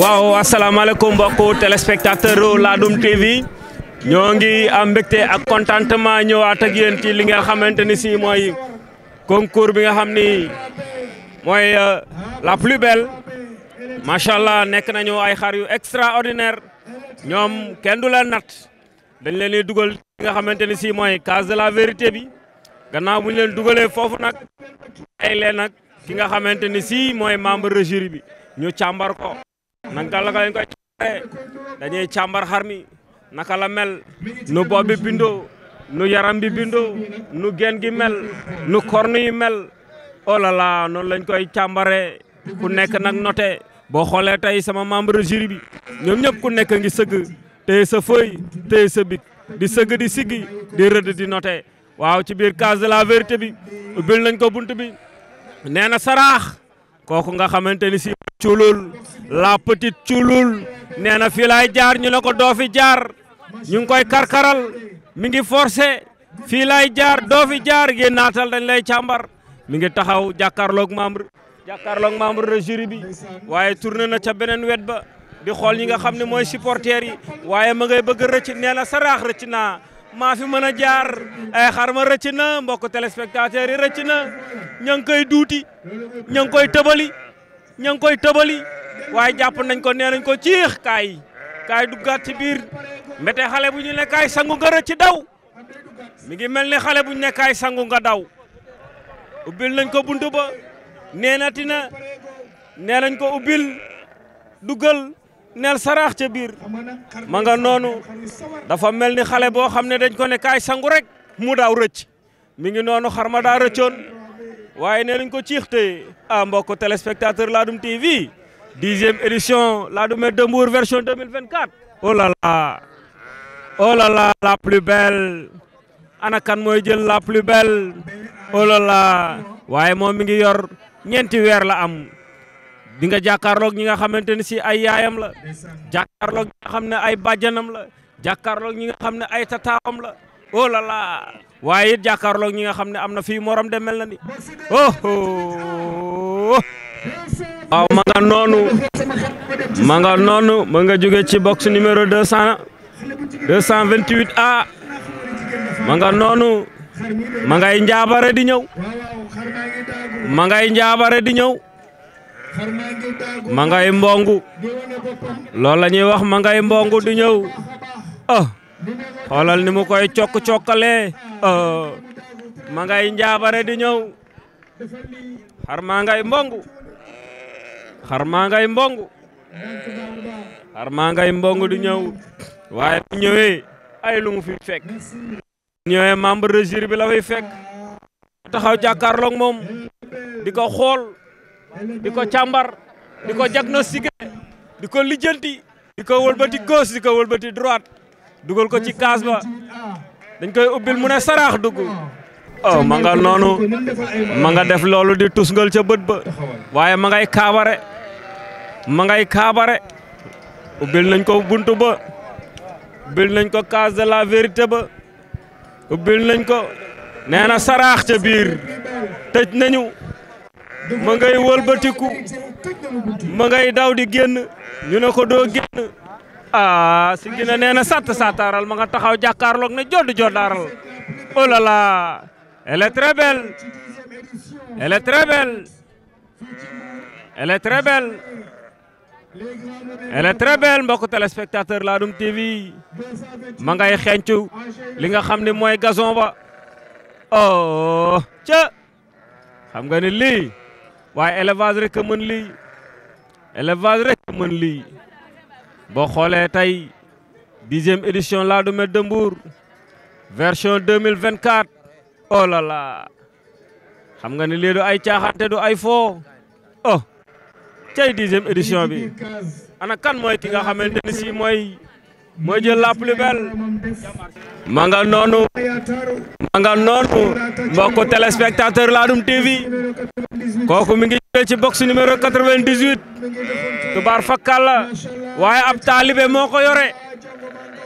waaw asalaamaaleykum mbokku téléspectateur Ladoum TV ñoo ngi am mbégte ak contentement ñëwaat ak yéen ci li nga xamante ni si mooy concours bi nga xam ni mooy euh, la plus belle macha allah nekk nañu ay xar yu extraordinaire ñoom kenn du la nat dañ leen di dugal li nga xamante ni si mooy case de la vérité bi gannaaw bu ñu leen dugalee foofu nag ay leen nag ki nga xamante ni si mooy membre de jury bi ñu càmbar ko naka la lañ koy xar mi naka la mel nu bopp bi bindoo nu yaram bi bindoo nu gen gi mel nu kornu yi mel oh là là noonu lañ koy càmbaree ku nekk nag noté boo xolee tey sama membre jury bi ñoom ñëpp ku nekk ngi sëgg téye sa feuille téye sa bit di sëgg di siggi di rëdd di noté waaw ci biir la vérité bi ubbil nañ ko bunt bi nee saraax kooku nga xamante ni si culul la petite culul nee na fii laay jaar ñu ne ko doo fi jaar ñu ngi koy karkaral mi ngi forcé fii laay jaar doo fi jaar génn naatal dañ lay càmbar mi ngi taxaw jàkkaarloog membre jàkkaarloog membre de jury bi waaye tourné na ca beneen wet ba di xool ñi nga xam ne mooy supporter yi waaye ma ngay bëgg rëcc nee na saraax rëcc naa maa fi mën a jaar ay xar ma rëcc na mbokk téléspectateurs yi rëcc na ña ngi koy duuti ña ngi koy tëbali ña ngi koy tëbali waaye jàpp nañ ko nee nañ ko ciix kaay kaay duggaat ci biir mbete xale bu ñu ne kaay sangu nga rëcc daw mi ngi mel ni xale bu ñu ne kaay sangu nga daw ubil nañ ko buntu ba nee na tina nee nañ ko ubbil duggal neel sarax ca biir ma nga noonu dafa mel ni xale boo xam ne dañ ko ne kaay sangu rek mu daaw rëcc mi ngi noonu xar ma daa rëccoon waaye nee nañ ko ciixte ah mbokk téléspectateur Ladoum TV dixième édition Ladoum de Mbour version 2024 oh là là oh là là la plus belle ana kan mooy jël la plus belle oh waaye moom mi ngi yor ñeenti weer la am di nga jàkkaarloog ñi nga xamante ne si ay yaayam la jàkkaarloog ñi nga ne ay bàjjanam la jàkkaarloog ñi nga xam ne ay tataawam la oh waaye it jàkkaarloog ñi nga xam ne am na fii morom de mel na ni waaw ma nga noonu ma jóge ci box numéro deux cent deux vingt huit a ma noonu ma ngay njaabare di ñëw ma njaabare di ñëw ma ngay mbongu loolu la ñuy wax ma ngay di ñëw ah. xoolal ni mu koy cokk cokkalee ma ngay njaabare di ñëw xar maa ngay mbongu xar maa ngay mbongu di ñëw waaye bu ñëwee ay lu fi fekk ñëwee membre de jury bi la fay fekk taxaw di ko xool di ko càmbar di ko diagnostiqué di ko lijjanti di ko wëlbati gauche di ko wëlbati droite dugal ko ci kaas ba dañ koy ubbil mu ne saraax dugg oh ma nga noonu ma nga def loolu di tusngal ca bët ba waaye ma ngay kaabare ma ngay kaabare ubbil nañ ko bunt ba ubbil nañ ko case de la vérité ba ubbil nañ ko nee na saraax ca biir tëj nañu ma ngay wëlbatiku ma ngay daw di génn ñu ne ko doo génn ah si dina nee na sant santaaral ma nga taxaw jàkkaarloog ne jodd joddaaral oh là là elle est très belle elle est très belle elle est ngay xencu li nga xam ne mooy gazon ba oh ca xam nga ne lii waaye élevage rek a mën lii élevage boo xoolee tey dixième édition Ladoumé de Mbour version 2024 oh là là xam nga ne lii ay caaxaante du ay foo oh cay dixième édition bi ana mooy ki nga xamante ni si mooy mooy jël la plus belle ma nga noonu ma noonu mbokku téléspectateur Ladoum TV kooku mi ngi jóge ci box numéro 98 tubaar fakkal waaye ab taalibe moo ko yore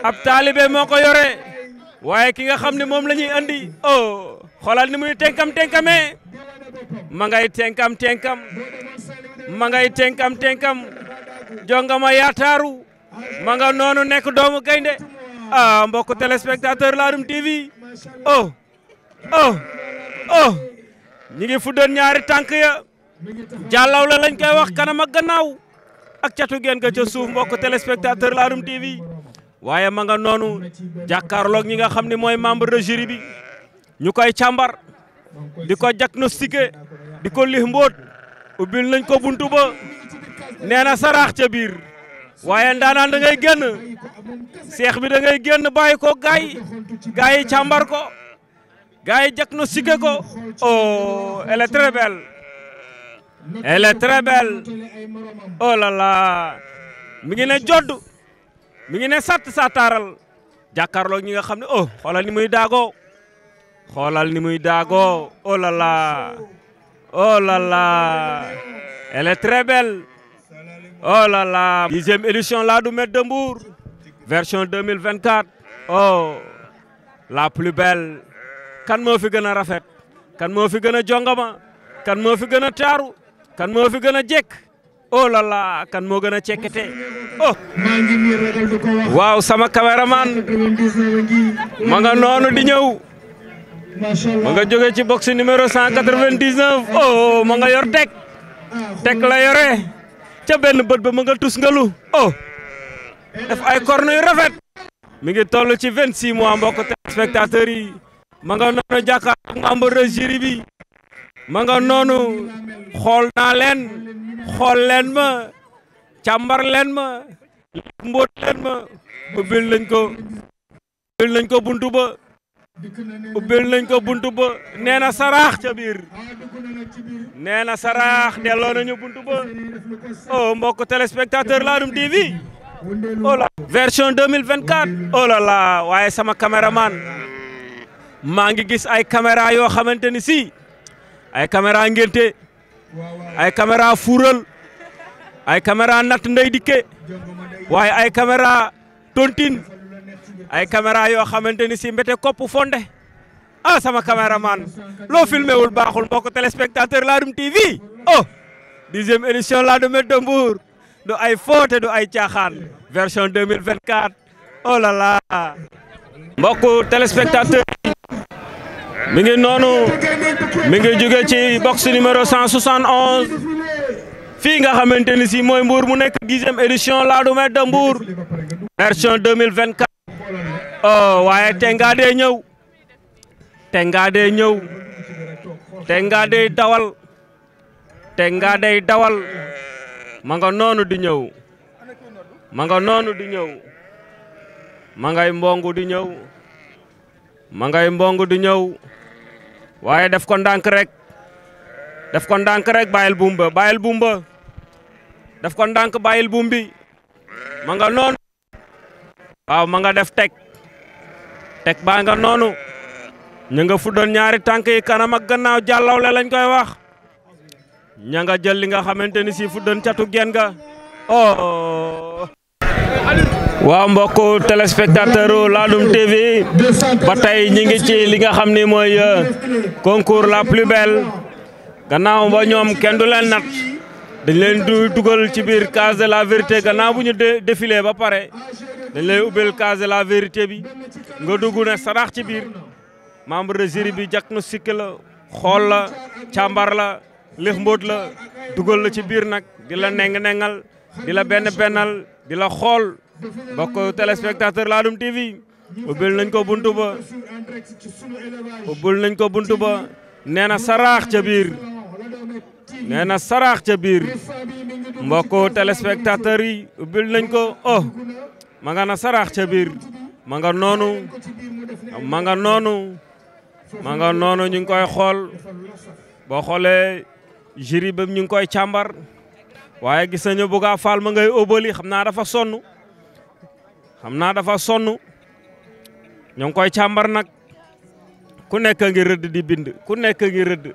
ab taalibe moo ko yore waaye ki nga xam ne moom la ñuy andi oh xoolal ni muy tenkam tenkamee ma ngay tenkam tenkam jongama yaataaru ma nga noonu nekk doomu gaynde ah mbokku téléspectateur Ladoum TV oh oh oh ñi ngi fuddoon ñaari tànk ya jàllaw la lañ koy wax kanam ak gannaaw ak catu geen ca suuf mbokku téléspectateur Ladoum TV waaye ma nga noonu jàkkaarloog ñi nga xam ne mooy membre de jury bi ñu koy càmbar di ko diagnostiqué di ko lix mbóot ubbil nañ ko buntu ba nee saraax ca biir waaye ndaanaan da ngay génn seex bi da ngay génn bàyyi ko gaay gaay càmbar ko gaay diagnostiqué ko oh elle est très belle elle est très belle oh là mi ngi ne jodd mi ngi ne sàtt sàttaaral jàkkaarloo ñi nga xam ne oh xoolal ni muy daagoo xoolal ni muy daagoo oh là oh oh la là dixième édition la du Maître de Mbour version 2024 oh la plus belle kan moo fi gën a rafet kan moo fi gën a jongama kan moo fi gën a taaru kan moo fi gën a jekk oh là kan moo gën a cekkete oh. waaw sama caméraman ma nga noonu di ñëw ma nga jóge ci box numéro 199 oh ma nga yor tek tek la yore ca benn bët ba ma nga tus ngalu oh def ay kor yu rafet mi ngi toll ci 26 mois mbokk téléspectateurs yi ma nga noonu jàkkaarloog membre de jury bi ma nga noonu xool naa leen xool leen ma càmbar leen ma mbóot leen ma ubbil nañ ko ubbil nañ ko buntu ba ubbil ko buntu ba nee na saraax ca biir nee na saraax delloo nañu oh, mbokk téléspectateur Ladoum TV oh version 2024 la la waaye sama caméraman maa ngi gis ay caméra yoo xamante ni si ay caméra ngénte ay fuural ay caméra natt ndey dikke waaye ay caméra tontine ay caméra yoo xamante ni si mbete kopp fonde ah sama caméraman loo filmé wul baaxul mbokk téléspectateur Ladoum TV oh du ay foote du ay caaxaan version 2024 oh là là mbokk téléspectateur mi ngi noonu mi jóge ci box numéro 171 fii nga xamante ni si mooy Mbour mu nekk dixième édition Ladoum de Mbour version Oh, waaye tengaa dee ñëw tengaa dee ñëw tengaa dee dawal tengaa dee dawal ma nga noonu di ñëw ma nga noonu di ñëw ma ngay di ñëw ma ngay di ñëw waaye def ko ndànk rek def ko ndànk rek bàyyil bumba bàyyil bumba def ko ndànk bàyyil bumbi ma nga noonu waaw ma nga def teg teg baa nga noonu ña nga fuddoon ñaari tànk yi kanam ak gannaaw jàllawle lañ koy wax ña nga jël li nga xamante ni si fuddën catu gen ga oh. waaw mbokk téléspectateur Ladoum TV ba tey ñi ngi ci li nga xam ni mooy euh, concours la plus belle gannaaw ba ñoom kenn du leen nat dañ leen du dugal ci biir case de la vérité gannaaw bu ñu défilé ba pare dañ lay ubbil case de la vérité bi nga dugg ne sarax ci biir membre de jury bi diagnostic la xool la càmbar la lix mbóot la dugal la ci biir nag di la neng-nengal di la benn bennal di la xool bokk téléspectateur Ladoum TV ubbil nañ ko buntu ba ubbil nañ ko buntu ba nee na saraax ca biir nee na saraax ca biir mbokku téléspectateur yi ubbil nañ ko oh ma nga saraax ca biir ma nga noonu ma nga noonu ma noonu ñu ngi koy xool boo xoolee jury bi ñu ngi koy càmbar waaye gis nañu Bouga Fall ma ngay óobali xam naa dafa sonn xam naa dafa sonn ñu ngi koy càmbar nag ku nekk ngi rëdd di bind ku nekk a ngi rëdd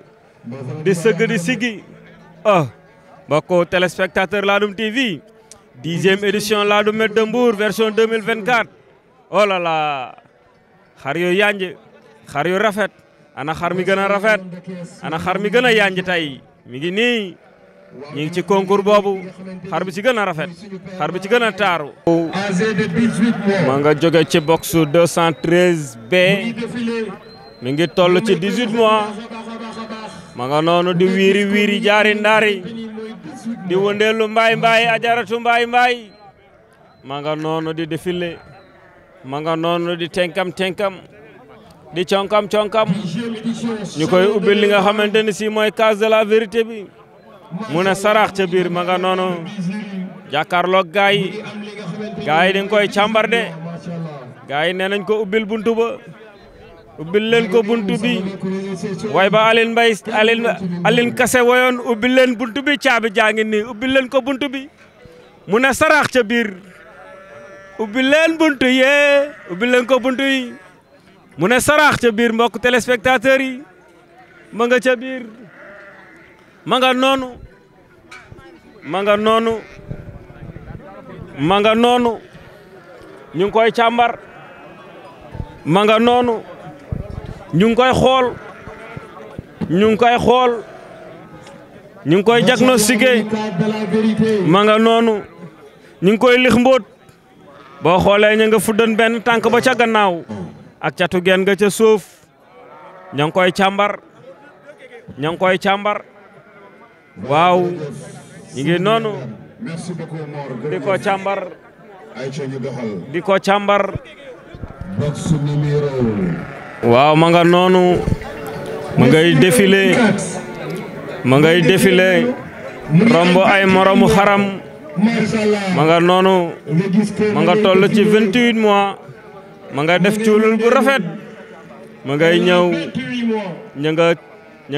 di sëgg di siggi ah mbokku téléspectateur Ladoum TV dixième édition Ladoum Met de Mbour version 2024 oh là là xar yu yanj xar yu rafet ana xar mi gën a rafet ana xar mi gën a yanj tey mi ngi nii ñu ngi ci concours boobu xar bi ci gën a rafet xar bi ci gën a taaru. ma nga jóge ci box 213 B mi ngi toll ci 18 mois. ma nga noonu di wiiri wiiri jaari ndaari di wëndeelu mbaay mbaay ajaratu mbaay mbaay ma nga noonu di défilé ma nga noonu di tenkam tenkam di conkam conkam ñu koy ubbil li nga xamante ni si mooy case de la vérité bi mu ne sarax ca biir ma nga noonu jàkkaarloog gaay gaay dañ koy càmbar de gaay nee ko ubbil buntu ubbil leen ko buntu bi waaye ba Alioune Mbaye Alioune Alioune Kassé woyoon ubbil leen buntu caabi jaa ngi ko buntu bi mu ne sarax ca biir ubbil leen ko buntu yi mu ne sarax ca biir mbokk téléspectateurs yi ma nga ca biir ma noonu ma noonu ma noonu ñu ngi koy càmbar ma noonu ñu ngi koy xool ñu ngi koy xool ñu ngi koy diagnostiqué ma nga noonu ñu ngi koy lix mbóot boo xoolee ñu nga fuddën benn tànk ba ca gannaaw ak catu geen nga ca suuf ña ngi koy càmbar ña ngi koy càmbar waaw ñu ngi noonu di ko càmbar di ko càmbar. waaw ma nga noonu ma ngay defile ma ngay defile romb ay moromu xaram ma nga noonu ma nga toll ci 28 mois ma nga def cuulul bu rafet ma ngay ñëw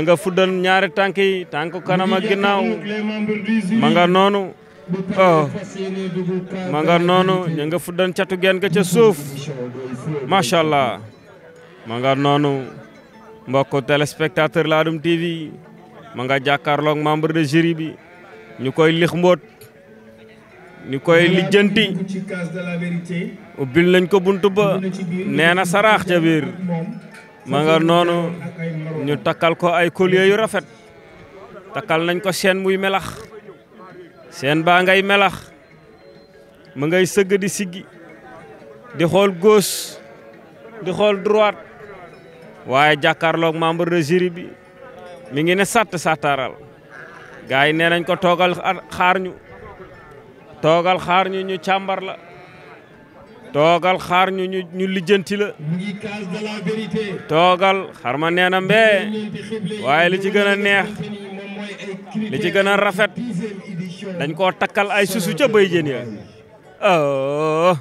ña fuddën ña ñaari tànk yi tànk kanam ak ginnaaw ma nga noonu oh ma nga noonu ña nga fuddan catu geen ga ca suuf macha allah ma nga noonu mbokku mbokk téléspectateur Ladoum TV ma nga jàkkaarloog membre de jury bi ñu koy lix mbóot ñu koy lijjanti ubbil nañ ko bunt ba nee na saraax ca biir ma nga noonu ñu takkal ko ay collier yu rafet takkal nañ ko seen muy melax seen baa ngay melax ma ngay sëgg di siggi di xool gauche di xool droite waaye jàkkaarloog membre de jury bi mi ngi ne sàtt sàttaaral gars nee nañ ko toogal xaar ñu toogal xaar ñu ñu càmbar la toogal xaar ñu ñu ñu lijjanti la toogal xar ma nee na mbee waaye li ci gën a neex li ci gën a rafet dañ koo takkal ay susu ca béy jën ya oh,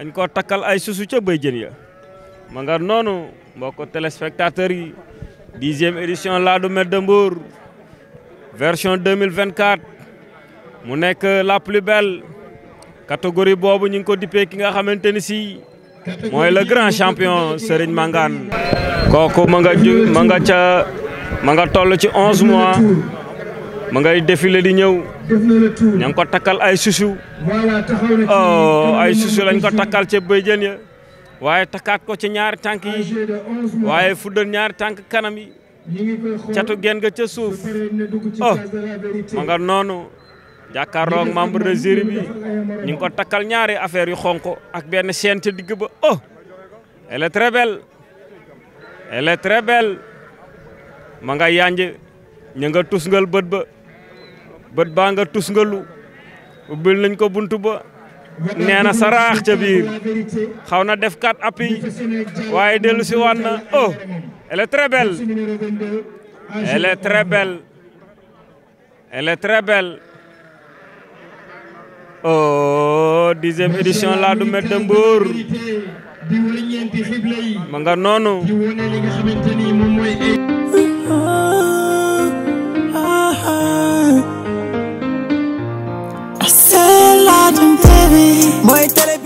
dañ koo takkal ay susu ca béy ya ma nga noonu mbokk téléspectateurs yi dixième édition Laadum de Mbour version 2024 mu nekk la plus belle catégorie boobu ñu ngi ko dippee ki nga xamante ni si mooy le grand champion Serigne Mangane kooku ma nga ju ma nga ca ma nga toll ci onze mois ma ngay défilé di ñëw ña ngi ko takkal ay susu oh ay susu lañ ko takkal ca bëjën ya waaye takkaat ko ci ñaari tànk yi waaye fuddal ñaari tànk kanam yi catu gen ga ca suuf oh ma nga noonu jàkkaarloog membre de jury bi ñu ngi ko takkal ñaari affaire yu xonk ak benn chaîne ca digg ba oh elle est très ma nga yanj ña nga tusngal bët ba bët baa nga tusngalu ubbil nañ ko bunt ba nee na ca biir xaw na def quatre appuis waaye dellu si waat na oh elle est très belle elle est très belle elle est oh, ma nga noonu baby. Mooy télé